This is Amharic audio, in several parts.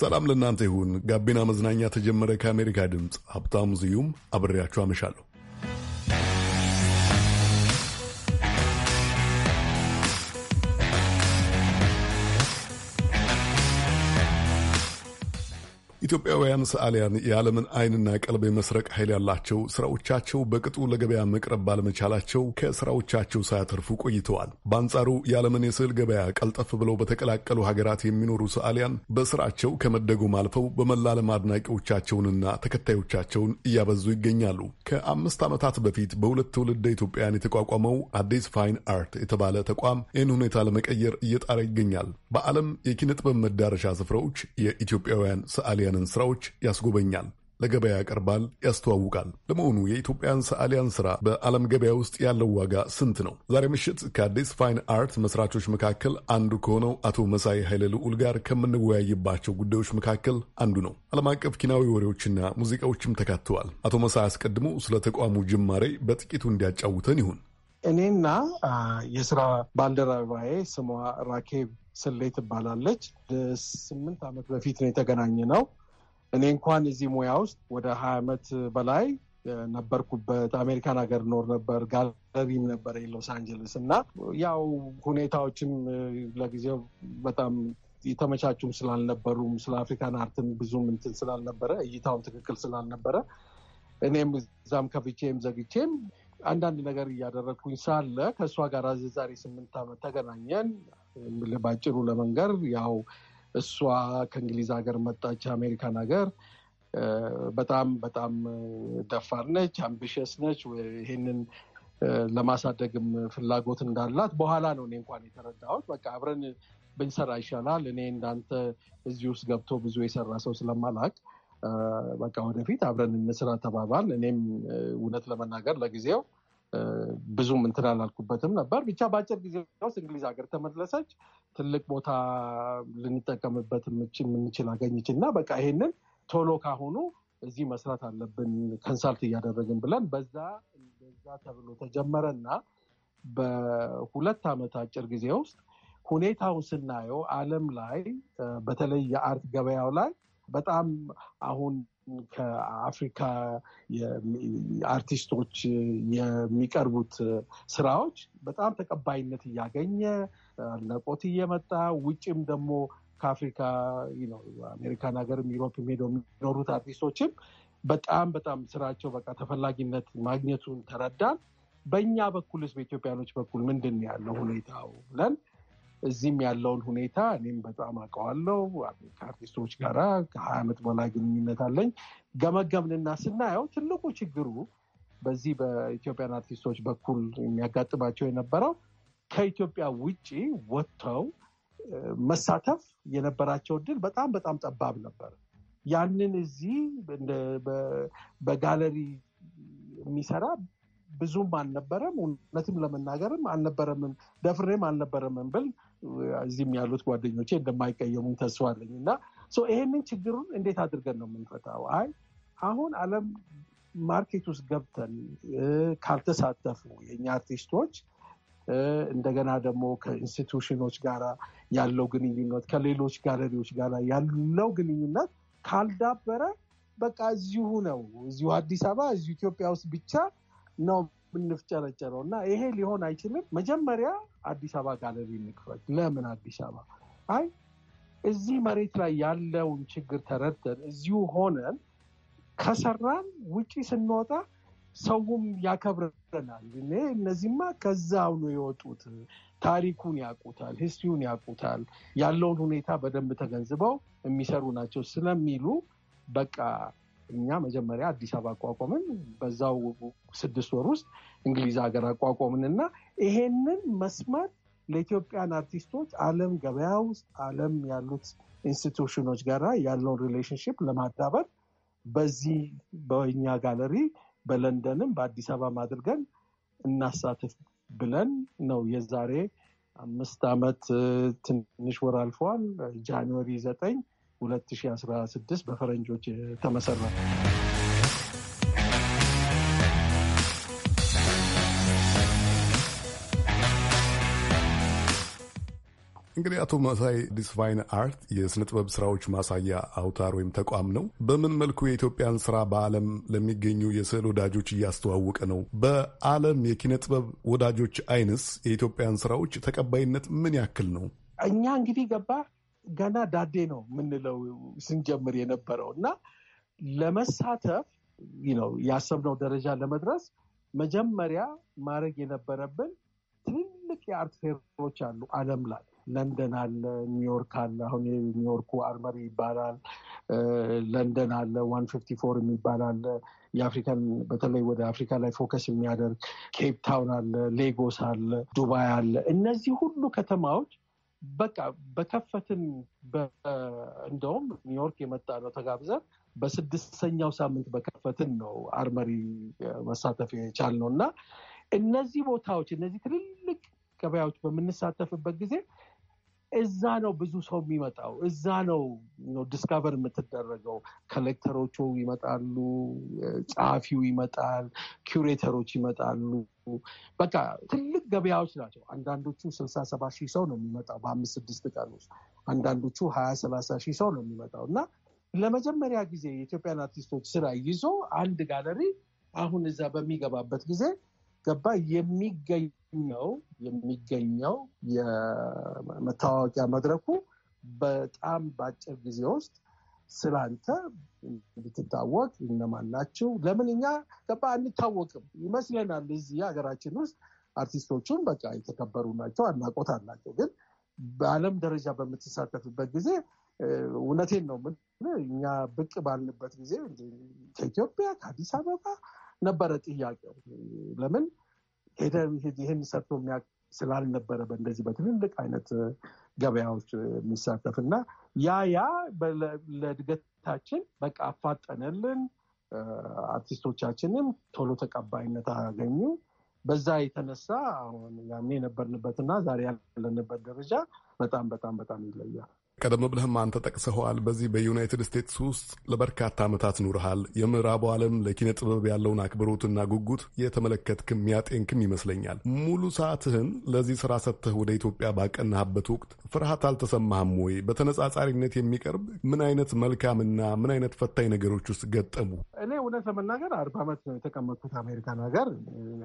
ሰላም ለእናንተ ይሁን። ጋቢና መዝናኛ ተጀመረ። ከአሜሪካ ድምፅ ሀብታሙ ዝዩም አብሬያችሁ አመሻለሁ። ኢትዮጵያውያን ሰዓሊያን የዓለምን ዓይንና ቀልብ የመስረቅ ኃይል ያላቸው ስራዎቻቸው በቅጡ ለገበያ መቅረብ ባለመቻላቸው ከስራዎቻቸው ሳያተርፉ ቆይተዋል። በአንጻሩ የዓለምን የስዕል ገበያ ቀልጠፍ ብለው በተቀላቀሉ ሀገራት የሚኖሩ ሰዓሊያን በስራቸው ከመደጎም አልፈው በመላለም አድናቂዎቻቸውንና ተከታዮቻቸውን እያበዙ ይገኛሉ። ከአምስት ዓመታት በፊት በሁለት ትውልደ ኢትዮጵያን የተቋቋመው አዲስ ፋይን አርት የተባለ ተቋም ይህን ሁኔታ ለመቀየር እየጣረ ይገኛል። በዓለም የኪነ ጥበብ መዳረሻ ስፍራዎች የኢትዮጵያውያን ሰዓሊያን ያሉንን ስራዎች ያስጎበኛል፣ ለገበያ ያቀርባል፣ ያስተዋውቃል። ለመሆኑ የኢትዮጵያን ሰዓሊያን ስራ በዓለም ገበያ ውስጥ ያለው ዋጋ ስንት ነው? ዛሬ ምሽት ከአዲስ ፋይን አርት መስራቾች መካከል አንዱ ከሆነው አቶ መሳይ ኃይለ ልዑል ጋር ከምንወያይባቸው ጉዳዮች መካከል አንዱ ነው። ዓለም አቀፍ ኪናዊ ወሬዎችና ሙዚቃዎችም ተካተዋል። አቶ መሳይ አስቀድሞ ስለ ተቋሙ ጅማሬ በጥቂቱ እንዲያጫውተን ይሁን። እኔና የስራ ባልደረባዬ ስሟ ራኬብ ስሌ ትባላለች። ስምንት ዓመት በፊት ነው የተገናኘ ነው። እኔ እንኳን እዚህ ሙያ ውስጥ ወደ ሀያ ዓመት በላይ ነበርኩበት። አሜሪካን ሀገር ኖር ነበር። ጋለሪም ነበር ሎስ አንጀለስ እና ያው ሁኔታዎችም ለጊዜው በጣም የተመቻቹም ስላልነበሩም ስለ አፍሪካን አርትን ብዙም እንትን ስላልነበረ እይታውን ትክክል ስላልነበረ እኔም እዛም ከፍቼም ዘግቼም አንዳንድ ነገር እያደረግኩኝ ሳለ ከእሷ ጋር ዛሬ ስምንት ዓመት ተገናኘን። ባጭሩ ለመንገር ያው እሷ ከእንግሊዝ ሀገር መጣች አሜሪካን ሀገር። በጣም በጣም ደፋር ነች፣ አምቢሽስ ነች። ይሄንን ለማሳደግም ፍላጎት እንዳላት በኋላ ነው እኔ እንኳን የተረዳሁት። በቃ አብረን ብንሰራ ይሻላል፣ እኔ እንዳንተ እዚህ ውስጥ ገብቶ ብዙ የሰራ ሰው ስለማላቅ በቃ ወደፊት አብረን እንስራ ተባባል። እኔም እውነት ለመናገር ለጊዜው ብዙም እንትን አላልኩበትም ነበር። ብቻ በአጭር ጊዜ ውስጥ እንግሊዝ ሀገር ተመለሰች። ትልቅ ቦታ ልንጠቀምበት የምንችል አገኘች እና በቃ ይሄንን ቶሎ ካሁኑ እዚህ መስራት አለብን ከንሳልት እያደረግን ብለን በዛ እንደዛ ተብሎ እና በሁለት ዓመት አጭር ጊዜ ውስጥ ሁኔታውን ስናየው ዓለም ላይ በተለይ የአርት ገበያው ላይ በጣም አሁን ከአፍሪካ አርቲስቶች የሚቀርቡት ስራዎች በጣም ተቀባይነት እያገኘ አድናቆት እየመጣ ውጭም ደግሞ ከአፍሪካ አሜሪካን ሀገርም ዩሮፕ ሄደው የሚኖሩት አርቲስቶችም በጣም በጣም ስራቸው በቃ ተፈላጊነት ማግኘቱን ተረዳን። በእኛ በኩልስ በኢትዮጵያኖች በኩል ምንድን ያለው ሁኔታው ብለን እዚህም ያለውን ሁኔታ እኔም በጣም አውቀዋለሁ። ከአርቲስቶች ጋራ ከሀያ ዓመት በላይ ግንኙነት አለኝ። ገመገምንና ስናየው ትልቁ ችግሩ በዚህ በኢትዮጵያን አርቲስቶች በኩል የሚያጋጥማቸው የነበረው ከኢትዮጵያ ውጭ ወጥተው መሳተፍ የነበራቸው እድል በጣም በጣም ጠባብ ነበር። ያንን እዚህ በጋለሪ የሚሰራ ብዙም አልነበረም። እውነትም ለመናገርም አልነበረምም፣ ደፍሬም አልነበረምም ብል እዚህም ያሉት ጓደኞቼ እንደማይቀየሙኝ ተስፋ አለኝ እና ይሄንን ችግሩን እንዴት አድርገን ነው የምንፈታው? አይ አሁን ዓለም ማርኬት ውስጥ ገብተን ካልተሳተፉ የእኛ አርቲስቶች እንደገና ደግሞ ከኢንስቲቱሽኖች ጋር ያለው ግንኙነት ከሌሎች ጋለሪዎች ጋር ያለው ግንኙነት ካልዳበረ በቃ እዚሁ ነው፣ እዚሁ አዲስ አበባ፣ እዚሁ ኢትዮጵያ ውስጥ ብቻ ነው የምንፍጨረጨረው እና ይሄ ሊሆን አይችልም። መጀመሪያ አዲስ አበባ ጋለሪ እንክፈት። ለምን አዲስ አበባ? አይ እዚህ መሬት ላይ ያለውን ችግር ተረድተን እዚሁ ሆነን ከሰራን ውጪ ስንወጣ ሰውም ያከብረናል። እኔ እነዚህማ ከዛው ነው የወጡት፣ ታሪኩን ያውቁታል፣ ሂስትሪውን ያውቁታል፣ ያለውን ሁኔታ በደንብ ተገንዝበው የሚሰሩ ናቸው ስለሚሉ በቃ እኛ መጀመሪያ አዲስ አበባ አቋቋምን። በዛው ስድስት ወር ውስጥ እንግሊዝ ሀገር አቋቋምን እና ይሄንን መስመር ለኢትዮጵያን አርቲስቶች ዓለም ገበያ ውስጥ ዓለም ያሉት ኢንስቲቱሽኖች ጋራ ያለውን ሪሌሽንሽፕ ለማዳበር በዚህ በኛ ጋለሪ በለንደንም በአዲስ አበባ አድርገን እናሳትፍ ብለን ነው የዛሬ አምስት ዓመት ትንሽ ወር አልፈዋል ጃንዋሪ ዘጠኝ 2016 በፈረንጆች ተመሰረተ። እንግዲህ አቶ መሳይ ዲስ አርት የስነ ጥበብ ስራዎች ማሳያ አውታር ወይም ተቋም ነው። በምን መልኩ የኢትዮጵያን ስራ በዓለም ለሚገኙ የስዕል ወዳጆች እያስተዋወቀ ነው? በዓለም የኪነ ጥበብ ወዳጆች አይንስ የኢትዮጵያን ስራዎች ተቀባይነት ምን ያክል ነው? እኛ እንግዲህ ገባ ገና ዳዴ ነው የምንለው ስንጀምር የነበረው እና ለመሳተፍ ነው ያሰብነው ደረጃ ለመድረስ መጀመሪያ ማድረግ የነበረብን ትልልቅ የአርት ፌሮች አሉ አለም ላይ ለንደን አለ፣ ኒውዮርክ አለ። አሁን ኒውዮርኩ አርመሪ ይባላል። ለንደን አለ፣ ዋን ፊፍቲ ፎር የሚባል አለ። የአፍሪካን በተለይ ወደ አፍሪካ ላይ ፎከስ የሚያደርግ ኬፕ ታውን አለ፣ ሌጎስ አለ፣ ዱባይ አለ። እነዚህ ሁሉ ከተማዎች በቃ በከፈትን። እንደውም ኒውዮርክ የመጣ ነው ተጋብዘን በስድስተኛው ሳምንት በከፈትን ነው አርመሪ መሳተፍ ነው እና እነዚህ ቦታዎች እነዚህ ትልልቅ ገበያዎች በምንሳተፍበት ጊዜ እዛ ነው ብዙ ሰው የሚመጣው። እዛ ነው ዲስካቨር የምትደረገው። ከሌክተሮቹ ይመጣሉ፣ ጸሐፊው ይመጣል፣ ኪውሬተሮች ይመጣሉ። በቃ ትልቅ ገበያዎች ናቸው። አንዳንዶቹ ስልሳ ሰባ ሺህ ሰው ነው የሚመጣው በአምስት ስድስት ቀን ውስጥ፣ አንዳንዶቹ ሀያ ሰላሳ ሺህ ሰው ነው የሚመጣው እና ለመጀመሪያ ጊዜ የኢትዮጵያን አርቲስቶች ስራ ይዞ አንድ ጋለሪ አሁን እዛ በሚገባበት ጊዜ ገባ የሚገኘው የሚገኘው የመታወቂያ መድረኩ በጣም በአጭር ጊዜ ውስጥ ስላንተ እንድትታወቅ እነማን ናቸው? ለምን እኛ ገባ አንታወቅም ይመስለናል። እዚህ ሀገራችን ውስጥ አርቲስቶቹን በቃ የተከበሩ ናቸው፣ አድናቆት አላቸው። ግን በአለም ደረጃ በምትሳተፍበት ጊዜ እውነቴን ነው ምን እኛ ብቅ ባልንበት ጊዜ ከኢትዮጵያ ከአዲስ አበባ ነበረ ጥያቄው። ለምን ሄደ ይህን ሰርቶ የሚያውቅ ስላልነበረ በእንደዚህ በትልልቅ አይነት ገበያዎች የሚሳተፍ እና ያ ያ ለእድገታችን በቃ አፋጠነልን። አርቲስቶቻችንም ቶሎ ተቀባይነት አገኙ። በዛ የተነሳ ያኔ የነበርንበትና ዛሬ ያለንበት ደረጃ በጣም በጣም በጣም ይለያል። ቀደም ብለህም አንተ ጠቅሰኸዋል። በዚህ በዩናይትድ ስቴትስ ውስጥ ለበርካታ ዓመታት ኑርሃል። የምዕራቡ ዓለም ለኪነ ጥበብ ያለውን አክብሮትና ጉጉት የተመለከትክም ያጤንክም ይመስለኛል። ሙሉ ሰዓትህን ለዚህ ስራ ሰጥተህ ወደ ኢትዮጵያ ባቀናህበት ወቅት ፍርሃት አልተሰማህም ወይ? በተነጻጻሪነት የሚቀርብ ምን አይነት መልካምና ምን አይነት ፈታኝ ነገሮች ውስጥ ገጠሙ? እኔ እውነት ለመናገር አርባ ዓመት የተቀመጥኩት አሜሪካን ሀገር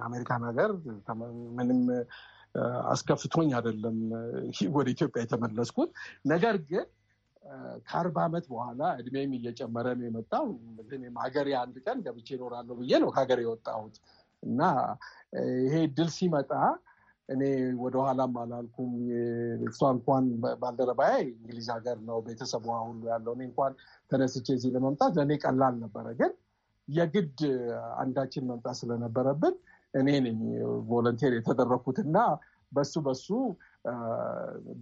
አሜሪካን ሀገር ምንም አስከፍቶኝ አይደለም ወደ ኢትዮጵያ የተመለስኩት። ነገር ግን ከአርባ ዓመት በኋላ እድሜም እየጨመረ ነው የመጣው። ሀገሬ አንድ ቀን ገብቼ እኖራለሁ ብዬ ነው ከሀገር የወጣሁት እና ይሄ ድል ሲመጣ እኔ ወደኋላም አላልኩም። እሷ እንኳን ባልደረባዬ እንግሊዝ ሀገር ነው ቤተሰቧ ሁሉ ያለው። እኔ እንኳን ተነስቼ እዚህ ለመምጣት ለእኔ ቀላል ነበረ፣ ግን የግድ አንዳችን መምጣት ስለነበረብን እኔ ነኝ ቮለንቴር የተደረኩትና በሱ በሱ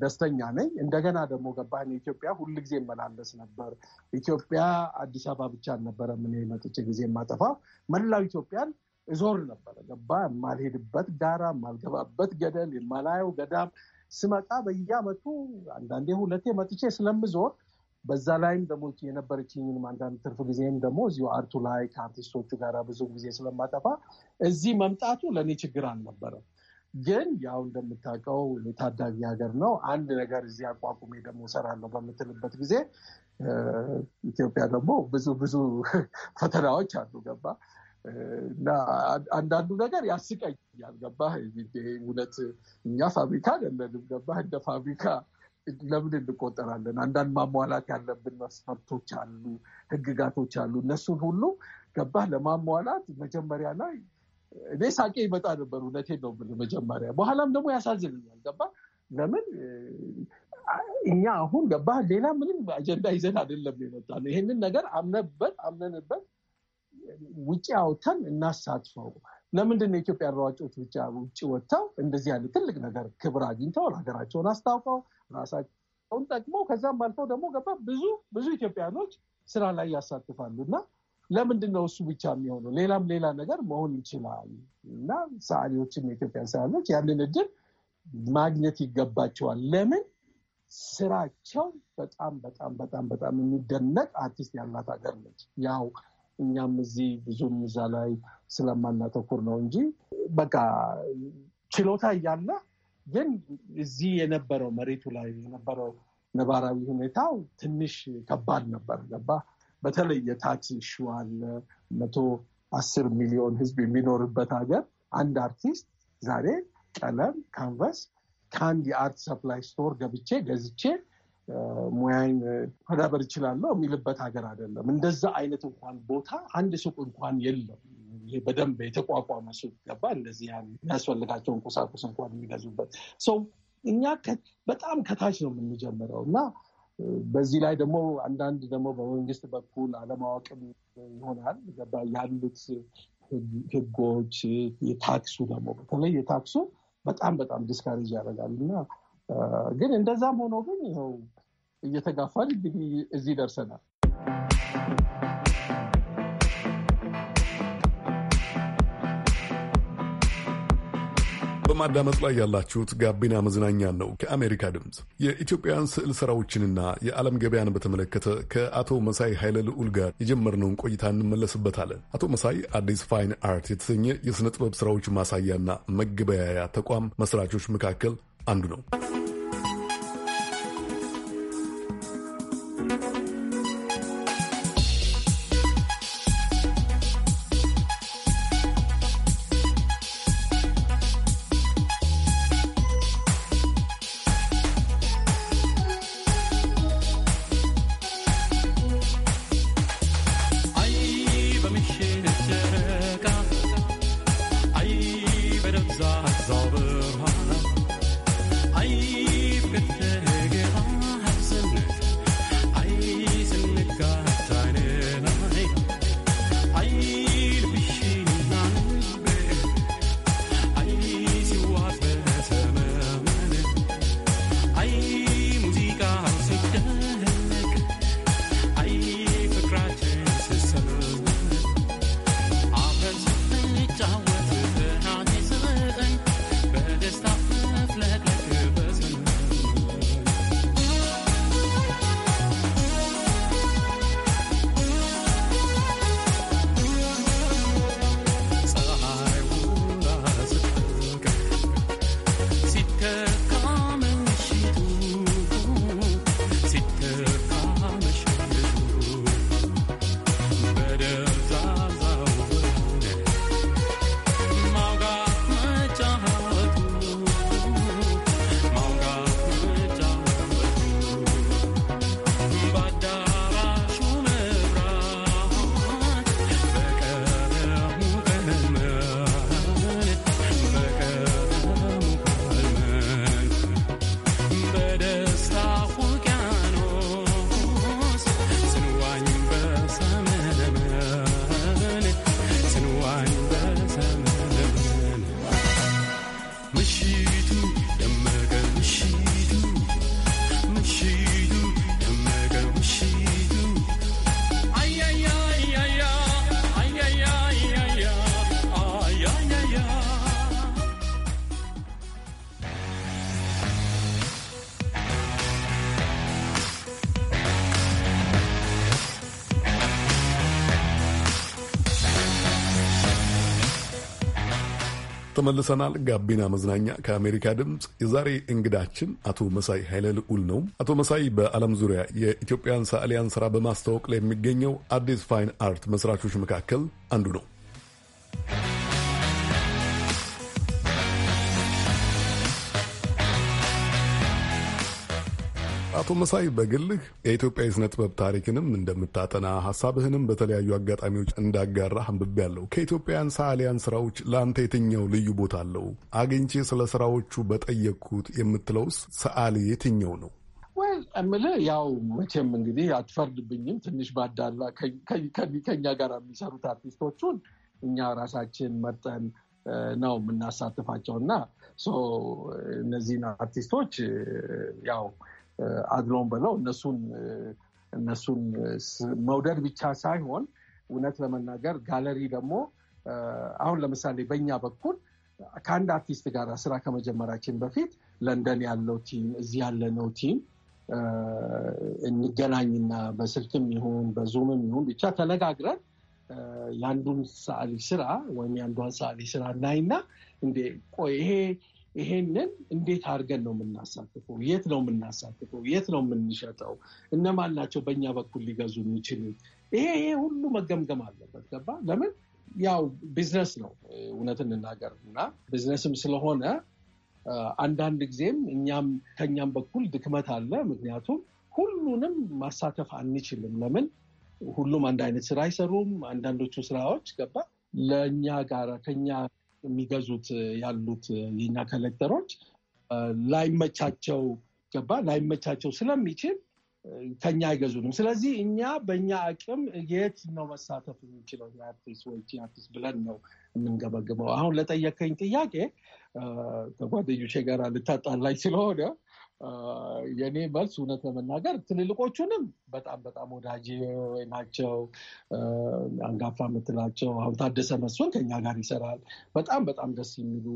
ደስተኛ ነኝ። እንደገና ደግሞ ገባህን ኢትዮጵያ ሁል ጊዜ መላለስ ነበር። ኢትዮጵያ አዲስ አበባ ብቻ አልነበረም እኔ መጥቼ ጊዜ የማጠፋው መላው ኢትዮጵያን እዞር ነበረ። ገባ የማልሄድበት ጋራ፣ የማልገባበት ገደል፣ የማላየው ገዳም ስመጣ በየአመቱ አንዳንዴ ሁለቴ መጥቼ ስለምዞር በዛ ላይም ደግሞ የነበረችኝንም አንዳንድ ትርፍ ጊዜም ደግሞ እዚሁ አርቱ ላይ ከአርቲስቶቹ ጋር ብዙ ጊዜ ስለማጠፋ እዚህ መምጣቱ ለእኔ ችግር አልነበረም። ግን ያው እንደምታውቀው የታዳጊ ሀገር ነው። አንድ ነገር እዚህ አቋቁሜ ደግሞ እሰራለሁ በምትልበት ጊዜ ኢትዮጵያ ደግሞ ብዙ ብዙ ፈተናዎች አሉ። ገባ እና አንዳንዱ ነገር ያስቀኛል። ገባ እውነት እኛ ፋብሪካ አይደለንም። ገባ እንደ ፋብሪካ ለምን እንቆጠራለን? አንዳንድ ማሟላት ያለብን መስፈርቶች አሉ፣ ህግጋቶች አሉ። እነሱን ሁሉ ገባህ ለማሟላት መጀመሪያ ላይ እኔ ሳቄ ይመጣ ነበር። እውነቴን ነው የምልህ። መጀመሪያ በኋላም ደግሞ ያሳዝንኛል። ገባህ ለምን እኛ አሁን ገባህ ሌላ ምንም አጀንዳ ይዘን አይደለም የመጣ ነው። ይህንን ነገር አምነበት አምነንበት ውጭ አውተን እናሳትፈው። ለምንድን ነው የኢትዮጵያ ሯጮች ብቻ ውጭ ወጥተው እንደዚህ ያለ ትልቅ ነገር ክብር አግኝተው ሀገራቸውን አስታውቀው ራሳቸውን ጠቅመው ከዛም አልፈው ደግሞ ገባ ብዙ ብዙ ኢትዮጵያኖች ስራ ላይ ያሳትፋሉ እና ለምንድን ነው እሱ ብቻ የሚሆነው? ሌላም ሌላ ነገር መሆን ይችላል እና ሰዓሊዎችም የኢትዮጵያ ሰዓሊዎች ያንን እድል ማግኘት ይገባቸዋል። ለምን ስራቸው በጣም በጣም በጣም በጣም የሚደነቅ አርቲስት ያላት ሀገር ነች። ያው እኛም እዚህ ብዙም እዛ ላይ ስለማናተኩር ነው እንጂ በቃ ችሎታ እያለ ግን እዚህ የነበረው መሬቱ ላይ የነበረው ነባራዊ ሁኔታው ትንሽ ከባድ ነበር። ገባ በተለይ የታክስ ሹ አለ። መቶ አስር ሚሊዮን ህዝብ የሚኖርበት ሀገር አንድ አርቲስት ዛሬ ቀለም፣ ካንቨስ ከአንድ የአርት ሰፕላይ ስቶር ገብቼ ገዝቼ ሙያን መዳበር ይችላለሁ የሚልበት ሀገር አይደለም። እንደዛ አይነት እንኳን ቦታ አንድ ሱቅ እንኳን የለም። ይሄ በደንብ የተቋቋመ ሱቅ ገባ እንደዚህ የሚያስፈልጋቸውን ቁሳቁስ እንኳን የሚገዙበት ሰው እኛ በጣም ከታች ነው የምንጀምረው እና በዚህ ላይ ደግሞ አንዳንድ ደግሞ በመንግስት በኩል አለማወቅም ይሆናል ገባ ያሉት ህጎች የታክሱ ደግሞ በተለይ የታክሱ በጣም በጣም ዲስካሬጅ ያደርጋል እና ግን እንደዛም ሆኖ ግን ይኸው እየተጋፋን እዚህ ደርሰናል። በማዳመጥ ላይ ያላችሁት ጋቢና መዝናኛ ነው ከአሜሪካ ድምፅ። የኢትዮጵያውያን ስዕል ስራዎችንና የዓለም ገበያን በተመለከተ ከአቶ መሳይ ኃይለ ልዑል ጋር የጀመርነውን ቆይታ እንመለስበታለን። አቶ መሳይ አዲስ ፋይን አርት የተሰኘ የሥነ ጥበብ ስራዎች ማሳያና መገበያያ ተቋም መስራቾች መካከል አንዱ ነው። ተመልሰናል። ጋቢና መዝናኛ ከአሜሪካ ድምፅ። የዛሬ እንግዳችን አቶ መሳይ ኃይለ ልዑል ነው። አቶ መሳይ በዓለም ዙሪያ የኢትዮጵያን ሰዓሊያን ስራ በማስተዋወቅ ላይ የሚገኘው አዲስ ፋይን አርት መስራቾች መካከል አንዱ ነው። አቶ መሳይ በግልህ የኢትዮጵያ የስነ ጥበብ ታሪክንም እንደምታጠና ሀሳብህንም በተለያዩ አጋጣሚዎች እንዳጋራህ አንብቤያለሁ። ከኢትዮጵያን ሰዓሊያን ስራዎች ለአንተ የትኛው ልዩ ቦታ አለው? አግኝቼ ስለ ስራዎቹ በጠየቅኩት የምትለውስ ሰዓሊ የትኛው ነው? እምልህ ያው መቼም እንግዲህ አትፈርድብኝም። ትንሽ ባዳላ ከኛ ጋር የሚሰሩት አርቲስቶቹን እኛ ራሳችን መርጠን ነው የምናሳትፋቸው እና እነዚህን አርቲስቶች ያው አድሎን ብለው እነሱን እነሱን መውደድ ብቻ ሳይሆን እውነት ለመናገር ጋለሪ ደግሞ አሁን ለምሳሌ በእኛ በኩል ከአንድ አርቲስት ጋር ስራ ከመጀመራችን በፊት ለንደን ያለው ቲም እዚህ ያለነው ቲም እንገናኝና በስልክም ይሁን በዙምም ይሁን ብቻ ተነጋግረን የአንዱን ሰዓሊ ስራ ወይም የአንዷን ሰዓሊ ስራ እናይና እንዴ ቆይ ይሄ ይሄንን እንዴት አድርገን ነው የምናሳትፈው? የት ነው የምናሳትፈው? የት ነው የምንሸጠው? እነማን ናቸው በእኛ በኩል ሊገዙ የሚችሉት? ይሄ ይሄ ሁሉ መገምገም አለበት። ገባ? ለምን ያው ቢዝነስ ነው እውነት እንናገር እና ቢዝነስም ስለሆነ አንዳንድ ጊዜም እኛም ከእኛም በኩል ድክመት አለ። ምክንያቱም ሁሉንም ማሳተፍ አንችልም። ለምን ሁሉም አንድ አይነት ስራ አይሰሩም። አንዳንዶቹ ስራዎች ገባ ለእኛ ጋር ከኛ የሚገዙት ያሉት የኛ ከሌክተሮች ላይመቻቸው ገባ ላይመቻቸው ስለሚችል ከኛ አይገዙንም። ስለዚህ እኛ በእኛ አቅም የት ነው መሳተፍ የሚችለው የአርቲስት ወይ አርቲስት ብለን ነው የምንገበግበው። አሁን ለጠየከኝ ጥያቄ ከጓደኞቼ ጋር ልታጣላኝ ስለሆነ የእኔ መልስ እውነት ለመናገር ትልልቆቹንም በጣም በጣም ወዳጅ ናቸው። አንጋፋ የምትላቸው አሁን ታደሰ መስፍን ከኛ ጋር ይሰራል። በጣም በጣም ደስ የሚሉ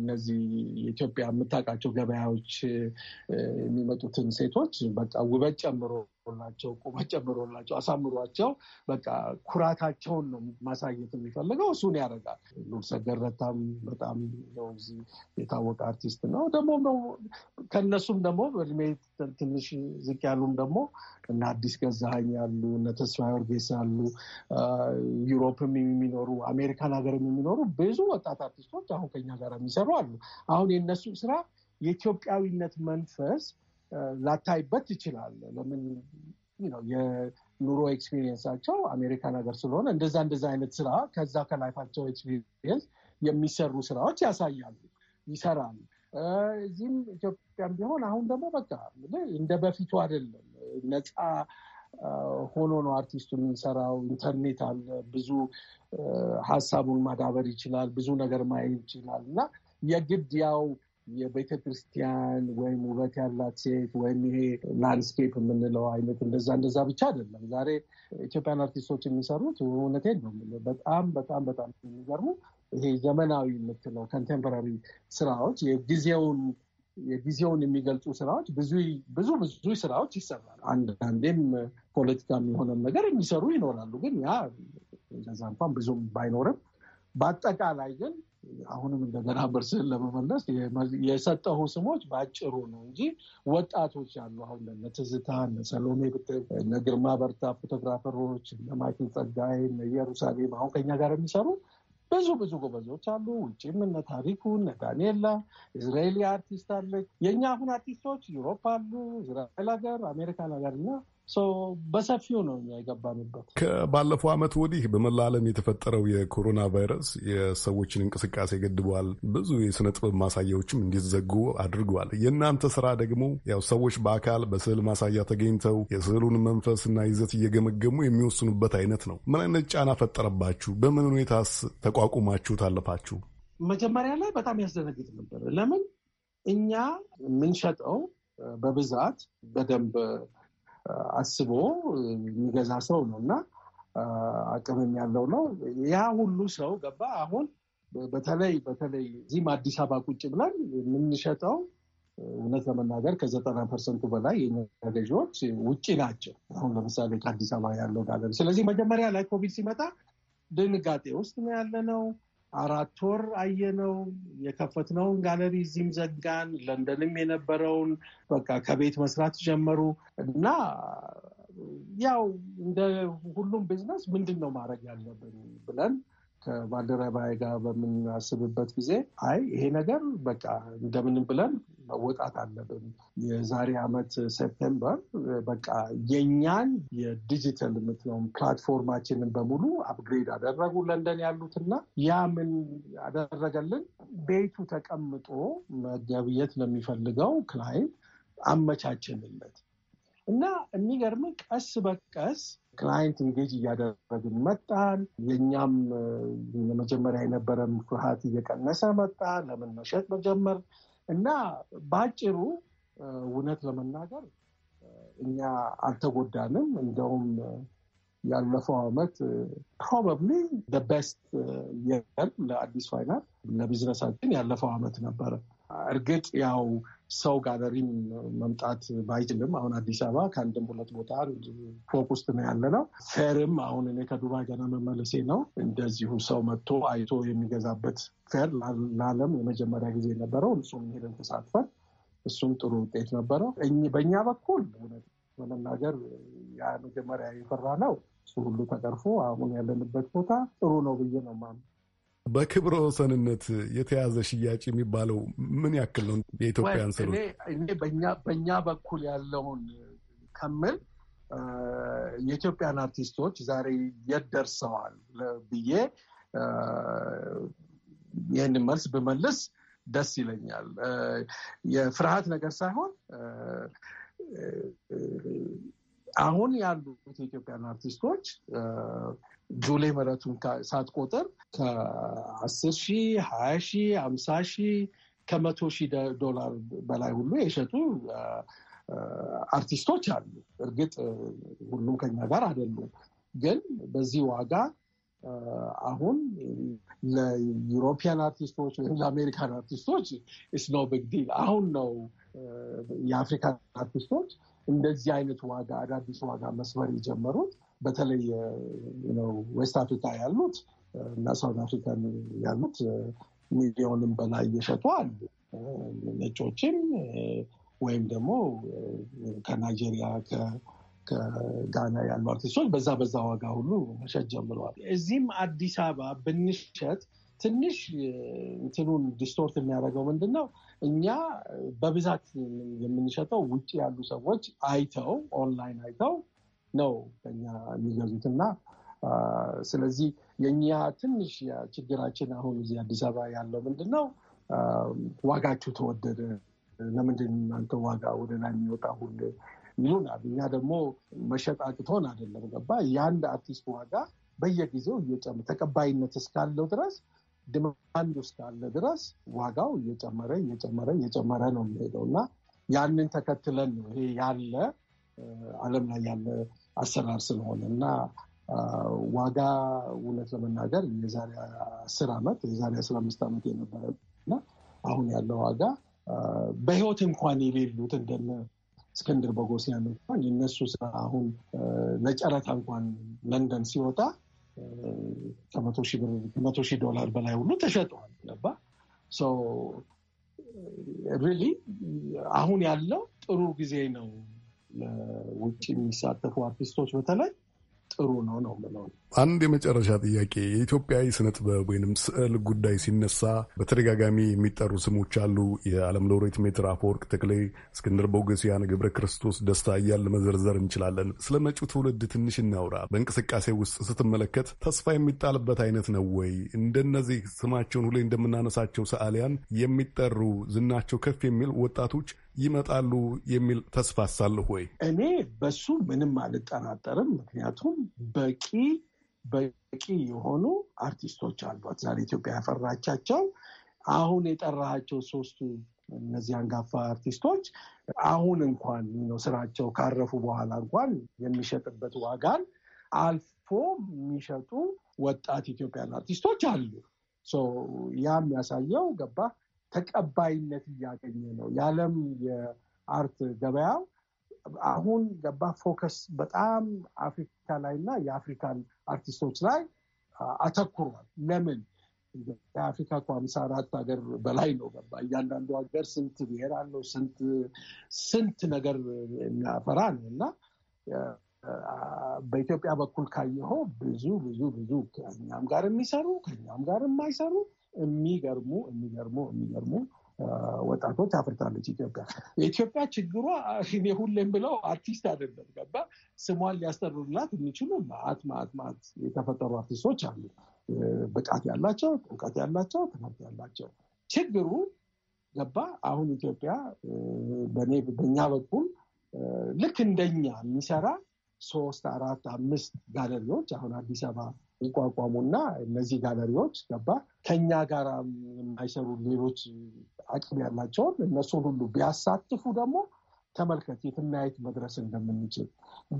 እነዚህ የኢትዮጵያ የምታውቃቸው ገበያዎች የሚመጡትን ሴቶች በቃ ውበት ጨምሮ ላቸው ቁመት ጨምሮላቸው አሳምሯቸው በቃ ኩራታቸውን ነው ማሳየት የሚፈልገው። እሱን ያደርጋል። ሉልሰገድ ረታም በጣም ነው እዚህ የታወቀ አርቲስት ነው። ደግሞ ከእነሱም ደግሞ በእድሜ ትንሽ ዝቅ ያሉም ደግሞ እነ አዲስ ገዛሀኝ ያሉ እነ ተስፋ ወርጌሳ ያሉ ዩሮፕም የሚኖሩ አሜሪካን ሀገርም የሚኖሩ ብዙ ወጣት አርቲስቶች አሁን ከኛ ጋር የሚሰሩ አሉ። አሁን የእነሱ ስራ የኢትዮጵያዊነት መንፈስ ላታይበት ይችላል። ለምን ነው የኑሮ ኤክስፒሪየንሳቸው አሜሪካን ሀገር ስለሆነ እንደዛ እንደዛ አይነት ስራ ከዛ ከላይፋቸው ኤክስፒሪየንስ የሚሰሩ ስራዎች ያሳያሉ፣ ይሰራል። እዚህም ኢትዮጵያም ቢሆን አሁን ደግሞ በቃ እንደ በፊቱ አይደለም። ነፃ ሆኖ ነው አርቲስቱ የሚሰራው። ኢንተርኔት አለ፣ ብዙ ሀሳቡን ማዳበር ይችላል፣ ብዙ ነገር ማየት ይችላል እና የግድ ያው የቤተክርስቲያን ወይም ውበት ያላት ሴት ወይም ይሄ ላንድስኬፕ የምንለው አይነት እንደዛ እንደዛ ብቻ አይደለም። ዛሬ ኢትዮጵያን አርቲስቶች የሚሰሩት እውነቴን ነው በጣም በጣም በጣም የሚገርሙ ይሄ ዘመናዊ የምትለው ኮንቴምፖራሪ ስራዎች የጊዜውን የጊዜውን የሚገልጹ ስራዎች ብዙ ብዙ ብዙ ስራዎች ይሰራል። አንዳንዴም ፖለቲካ የሆነ ነገር የሚሰሩ ይኖራሉ። ግን ያ እንደዛ እንኳን ብዙም ባይኖርም በአጠቃላይ ግን አሁንም እንደገና በርስህን ለመመለስ የሰጠሁ ስሞች በአጭሩ ነው እንጂ ወጣቶች ያሉ አሁን እነ ትዝታ፣ እነ ሰሎሜ ብትል፣ እነ ግርማ በርታ ፎቶግራፈሮች፣ እነ ማይክል ጸጋይ፣ እነ ኢየሩሳሌም አሁን ከኛ ጋር የሚሰሩ ብዙ ብዙ ጎበዞች አሉ። ውጭም እነ ታሪኩ፣ እነ ዳንኤላ እስራኤል አርቲስት አለች። የእኛ አሁን አርቲስቶች ዩሮፕ አሉ፣ እስራኤል ሀገር፣ አሜሪካን ሀገር እና በሰፊው ነው እኛ የገባንበት። ከባለፈው ዓመት ወዲህ በመላ ዓለም የተፈጠረው የኮሮና ቫይረስ የሰዎችን እንቅስቃሴ ገድበዋል። ብዙ የስነ ጥበብ ማሳያዎችም እንዲዘጉ አድርገዋል። የእናንተ ስራ ደግሞ ያው ሰዎች በአካል በስዕል ማሳያ ተገኝተው የስዕሉን መንፈስና ይዘት እየገመገሙ የሚወስኑበት አይነት ነው። ምን አይነት ጫና ፈጠረባችሁ? በምን ሁኔታስ ተቋቁማችሁ ታለፋችሁ? መጀመሪያ ላይ በጣም ያስደነግጥ ነበር። ለምን እኛ የምንሸጠው በብዛት በደንብ አስቦ የሚገዛ ሰው ነው እና አቅምም ያለው ነው። ያ ሁሉ ሰው ገባ። አሁን በተለይ በተለይ እዚህም አዲስ አበባ ቁጭ ብለን የምንሸጠው እውነት ለመናገር ከዘጠና ፐርሰንቱ በላይ የኛ ገዢዎች ውጭ ናቸው። አሁን ለምሳሌ ከአዲስ አበባ ያለው ጋለ ስለዚህ መጀመሪያ ላይ ኮቪድ ሲመጣ ድንጋጤ ውስጥ ነው ያለ ነው። አራት ወር አየነው። የከፈትነውን ጋለሪ እዚህም ዘጋን። ለንደንም የነበረውን በቃ ከቤት መስራት ጀመሩ እና ያው እንደ ሁሉም ቢዝነስ ምንድን ነው ማድረግ ያለብን ብለን ከባልደረባዬ ጋር በምናስብበት ጊዜ አይ ይሄ ነገር በቃ እንደምንም ብለን መወጣት አለብን። የዛሬ ዓመት ሴፕቴምበር በቃ የእኛን የዲጂታል የምትለውም ፕላትፎርማችንን በሙሉ አፕግሬድ አደረጉ ለንደን ያሉትና ያ ምን አደረገልን? ቤቱ ተቀምጦ መገብየት ለሚፈልገው ክላይንት አመቻችንለት እና የሚገርም ቀስ በቀስ ክላይንት እንጌጅ እያደረግን መጣን። የእኛም ለመጀመሪያ የነበረም ፍርሃት እየቀነሰ መጣ። ለምን መሸጥ መጀመር እና በአጭሩ እውነት ለመናገር እኛ አልተጎዳንም። እንደውም ያለፈው ዓመት ፕሮባብሊ ደቤስት የር ለአዲስ ፋይናል ለቢዝነሳችን ያለፈው ዓመት ነበረ። እርግጥ ያው ሰው ጋለሪ መምጣት ባይችልም አሁን አዲስ አበባ ከአንድም ሁለት ቦታ ፎቅ ውስጥ ነው ያለ ነው። ፌርም አሁን እኔ ከዱባይ ገና መመለሴ ነው። እንደዚሁ ሰው መጥቶ አይቶ የሚገዛበት ፌር ለዓለም የመጀመሪያ ጊዜ የነበረው እሱም ሄደን ተሳትፈን እሱም ጥሩ ውጤት ነበረው። በእኛ በኩል ለመናገር ያ መጀመሪያ የፈራ ነው እሱ ሁሉ ተቀርፎ አሁን ያለንበት ቦታ ጥሩ ነው ብዬ ነው ማምነው። በክብረ ወሰንነት የተያዘ ሽያጭ የሚባለው ምን ያክል ነው? የኢትዮጵያን ስሩ እኔ በእኛ በኩል ያለውን ከምል የኢትዮጵያን አርቲስቶች ዛሬ የት ደርሰዋል ብዬ ይህንን መልስ ብመልስ ደስ ይለኛል። የፍርሃት ነገር ሳይሆን አሁን ያሉት የኢትዮጵያን አርቲስቶች ጁሌ ምረቱን ቆጥር ከአስር ሺ ሀያ ሺ አምሳ ሺ ከመቶ ሺ ዶላር በላይ ሁሉ የሸጡ አርቲስቶች አሉ። እርግጥ ሁሉም ከኛ ጋር አይደሉም፣ ግን በዚህ ዋጋ አሁን ለዩሮፒያን አርቲስቶች ወይም ለአሜሪካን አርቲስቶች ስኖ ቢግ ዲል አሁን ነው የአፍሪካን አርቲስቶች እንደዚህ አይነት ዋጋ አዳዲስ ዋጋ መስመር የጀመሩት። በተለይ ዌስት አፍሪካ ያሉት እና ሳውት አፍሪካን ያሉት ሚሊዮንም በላይ እየሸጡ አሉ። ነጮችም ወይም ደግሞ ከናይጄሪያ ከጋና ያሉ አርቲስቶች በዛ በዛ ዋጋ ሁሉ መሸጥ ጀምረዋል። እዚህም አዲስ አበባ ብንሸጥ ትንሽ እንትኑን ዲስቶርት የሚያደርገው ምንድን ነው? እኛ በብዛት የምንሸጠው ውጭ ያሉ ሰዎች አይተው ኦንላይን አይተው ነው በኛ የሚገዙት እና ስለዚህ የእኛ ትንሽ ችግራችን አሁን እዚህ አዲስ አበባ ያለው ምንድን ነው ዋጋችሁ ተወደደ፣ ለምንድን እናንተ ዋጋ ወደ ላይ የሚወጣ ሁሉ ይሉናል። እኛ ደግሞ መሸጥ አቅቶን አይደለም ገባ የአንድ አርቲስት ዋጋ በየጊዜው ተቀባይነት እስካለው ድረስ ድማንድ እስካለ ድረስ ዋጋው እየጨመረ እየጨመረ እየጨመረ ነው የሚሄደው እና ያንን ተከትለን ነው ይሄ ያለ አለም ላይ ያለ አሰራር ስለሆነ እና ዋጋ እውነት ለመናገር የዛሬ አስር ዓመት የዛሬ አስራ አምስት ዓመት የነበረ እና አሁን ያለው ዋጋ በህይወት እንኳን የሌሉት እንደነ እስክንድር በጎሲያን እንኳን የነሱ ስራ አሁን ለጨረታ እንኳን ለንደን ሲወጣ ከመቶ ሺህ ዶላር በላይ ሁሉ ተሸጠዋል። ገባ ሪሊ አሁን ያለው ጥሩ ጊዜ ነው ውጭ የሚሳተፉ አርቲስቶች በተለይ ጥሩ ነው ነው ምለው። አንድ የመጨረሻ ጥያቄ የኢትዮጵያዊ የስነ ጥበብ ወይንም ስዕል ጉዳይ ሲነሳ በተደጋጋሚ የሚጠሩ ስሞች አሉ። የዓለም ሎሬት ሜትር አፈወርቅ ተክሌ፣ እስክንድር ቦገሲያን፣ ገብረ ክርስቶስ ደስታ እያልን መዘርዘር እንችላለን። ስለ መጪው ትውልድ ትንሽ እናውራ። በእንቅስቃሴ ውስጥ ስትመለከት ተስፋ የሚጣልበት አይነት ነው ወይ? እንደነዚህ ስማቸውን ሁሌ እንደምናነሳቸው ሰዓሊያን የሚጠሩ ዝናቸው ከፍ የሚል ወጣቶች ይመጣሉ የሚል ተስፋ አሳለሁ ወይ? እኔ በሱ ምንም አልጠራጠርም። ምክንያቱም በቂ በቂ የሆኑ አርቲስቶች አሏት ዛሬ ኢትዮጵያ ያፈራቻቸው። አሁን የጠራሃቸው ሶስቱ እነዚህ አንጋፋ አርቲስቶች አሁን እንኳን ነው ስራቸው ካረፉ በኋላ እንኳን የሚሸጥበት ዋጋን አልፎ የሚሸጡ ወጣት ኢትዮጵያን አርቲስቶች አሉ። ያ የሚያሳየው ገባ ተቀባይነት እያገኘ ነው። የዓለም የአርት ገበያው አሁን ገባ ፎከስ በጣም አፍሪካ ላይ እና የአፍሪካን አርቲስቶች ላይ አተኩሯል። ለምን የአፍሪካ እኮ ሃምሳ አራት ሀገር በላይ ነው ገባ እያንዳንዱ ሀገር ስንት ብሔር አለው ስንት ስንት ነገር የሚያፈራ ነው እና በኢትዮጵያ በኩል ካየኸው ብዙ ብዙ ብዙ ከኛም ጋር የሚሰሩ ከኛም ጋር የማይሰሩ የሚገርሙ የሚገርሙ የሚገርሙ ወጣቶች አፍርታለች ኢትዮጵያ። የኢትዮጵያ ችግሯ እኔ ሁሌም ብለው አርቲስት አይደለም ገባ ስሟን ሊያስጠሩላት የሚችሉ ማት ማት ማት የተፈጠሩ አርቲስቶች አሉ። ብቃት ያላቸው፣ እውቀት ያላቸው፣ ትምህርት ያላቸው። ችግሩ ገባ አሁን ኢትዮጵያ በእኛ በኩል ልክ እንደኛ የሚሰራ ሶስት አራት አምስት ጋለሪዎች አሁን አዲስ አበባ ይቋቋሙና እነዚህ ጋለሪዎች ገባ ከኛ ጋር የማይሰሩ ሌሎች አቅም ያላቸውን እነሱን ሁሉ ቢያሳትፉ ደግሞ ተመልከት የትናየት መድረስ እንደምንችል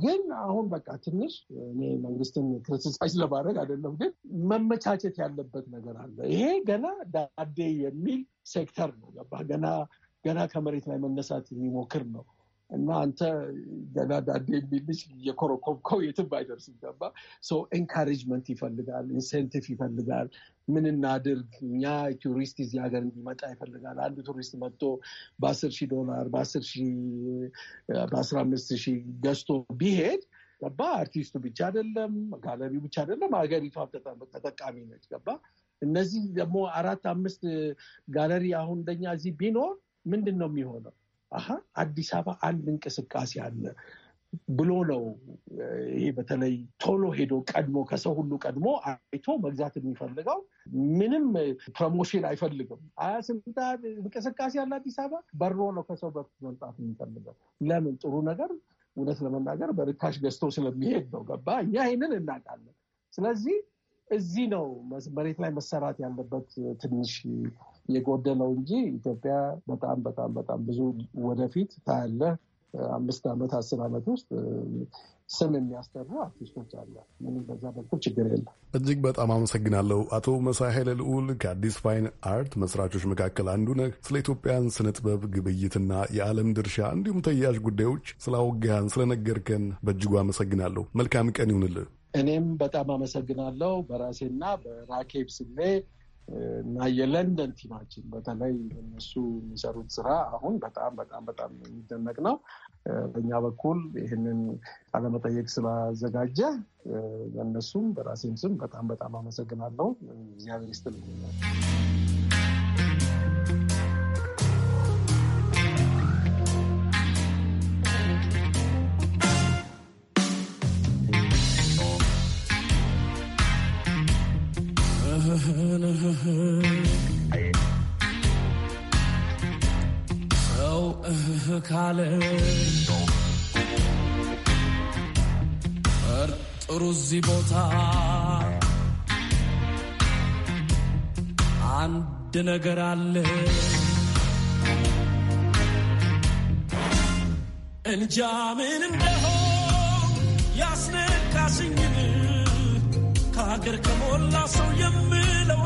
ግን አሁን በቃ ትንሽ እኔ መንግስትን ክርስሳይ ለማድረግ አይደለም፣ ግን መመቻቸት ያለበት ነገር አለ። ይሄ ገና ዳዴ የሚል ሴክተር ነው። ገና ገና ከመሬት ላይ መነሳት የሚሞክር ነው። እና አንተ ገና ዳዴ የሚል ልጅ የኮረኮብከው የትም አይደርስም። ገባ ኤንካሬጅመንት ይፈልጋል፣ ኢንሴንቲቭ ይፈልጋል። ምን እናድርግ እኛ ቱሪስት እዚህ ሀገር እንዲመጣ ይፈልጋል። አንድ ቱሪስት መጥቶ በአስር ሺህ ዶላር በአስር ሺህ በአስራ አምስት ሺህ ገዝቶ ቢሄድ ገባ አርቲስቱ ብቻ አይደለም፣ ጋለሪው ብቻ አይደለም፣ ሀገሪቷ ተጠቃሚ ነች። ገባ እነዚህ ደግሞ አራት አምስት ጋለሪ አሁን እንደኛ እዚህ ቢኖር ምንድን ነው የሚሆነው? አሀ አዲስ አበባ አንድ እንቅስቃሴ አለ ብሎ ነው። ይህ በተለይ ቶሎ ሄዶ ቀድሞ ከሰው ሁሉ ቀድሞ አይቶ መግዛት የሚፈልገው ምንም ፕሮሞሽን አይፈልግም። አያ ስንታ እንቅስቃሴ ያለ አዲስ አበባ በሮ ነው ከሰው በፊት መምጣት የሚፈልገው። ለምን ጥሩ ነገር እውነት ለመናገር በርካሽ ገዝቶ ስለሚሄድ ነው። ገባ? እኛ ይህንን እናውቃለን። ስለዚህ እዚህ ነው መሬት ላይ መሰራት ያለበት ትንሽ የጎደለው እንጂ ኢትዮጵያ በጣም በጣም በጣም ብዙ ወደፊት ታያለ። አምስት ዓመት አስር ዓመት ውስጥ ስም የሚያስጠሩ አርቲስቶች አለ። ምንም በዛ በኩል ችግር የለም። እጅግ በጣም አመሰግናለሁ አቶ መሳይ ኃይለ ልዑል ከአዲስ ፋይን አርት መስራቾች መካከል አንዱ ነህ። ስለ ኢትዮጵያን ስነ ጥበብ ግብይትና የዓለም ድርሻ እንዲሁም ተያያዥ ጉዳዮች አውጋያን ስለነገርከን በእጅጉ አመሰግናለሁ። መልካም ቀን ይሁንልህ። እኔም በጣም አመሰግናለሁ በራሴና በራኬብ ስሜ እና የለንደን ቲማችን በተለይ እነሱ የሚሰሩት ስራ አሁን በጣም በጣም በጣም የሚደነቅ ነው። በእኛ በኩል ይህንን ቃለመጠየቅ ስላዘጋጀ በእነሱም በራሴም ስም በጣም በጣም አመሰግናለሁ። እግዚአብሔር ይስጥልኝ። አለ እርጥሩ እዚህ ቦታ አንድ ነገር አለ እንጃ ያስነካሽኝን ከሀገር ከሞላ ሰው የምለው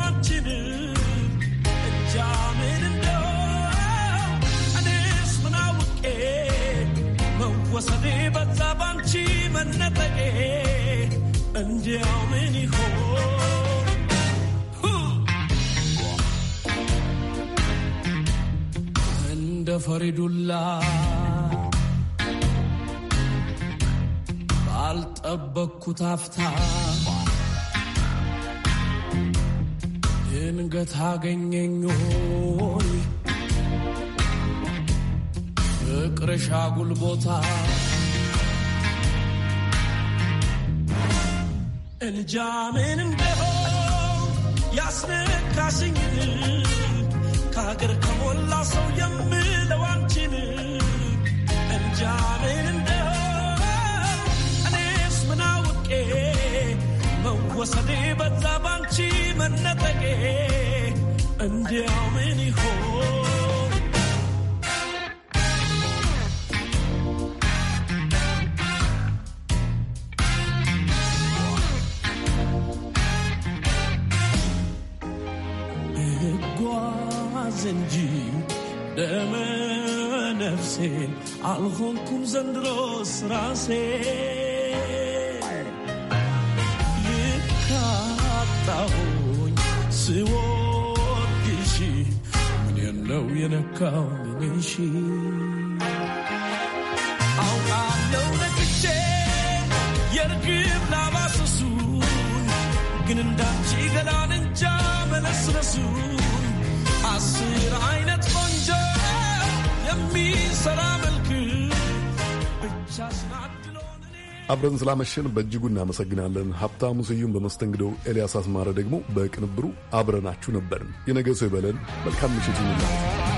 እንጃ ወሰኔ በዛ ባንቺ መነጠቄ እንዲያው ምን ይሆን እንደ ፈሪዱላ ባልጠበቅኩት አፍታ ድንገት አገኘኝ። ፍቅርሽ አጉል ቦታ እንጃ ምን እንደሆን ያስነካሽኝ ከሀገር ከሞላ ሰው የምለው አንቺን እንጃ ምን እኔስ ምናውቄ መወሰዴ በዛ ባንቺ መነጠቄ እንዲያው ምን ይሆን ደመ ነፍሴን አልሆንኩም ዘንድሮስ ራሴ ልካጣሁኝ ስወድሽ ምን የለው የነካው ምንሽ አብረን ስላመሸን በእጅጉ እናመሰግናለን። ሀብታሙ ስዩም በመስተንግደው፣ ኤልያስ አስማረ ደግሞ በቅንብሩ አብረናችሁ ነበርን። የነገ ሰው ይበለን። መልካም ምሽት ይሁንላችሁ።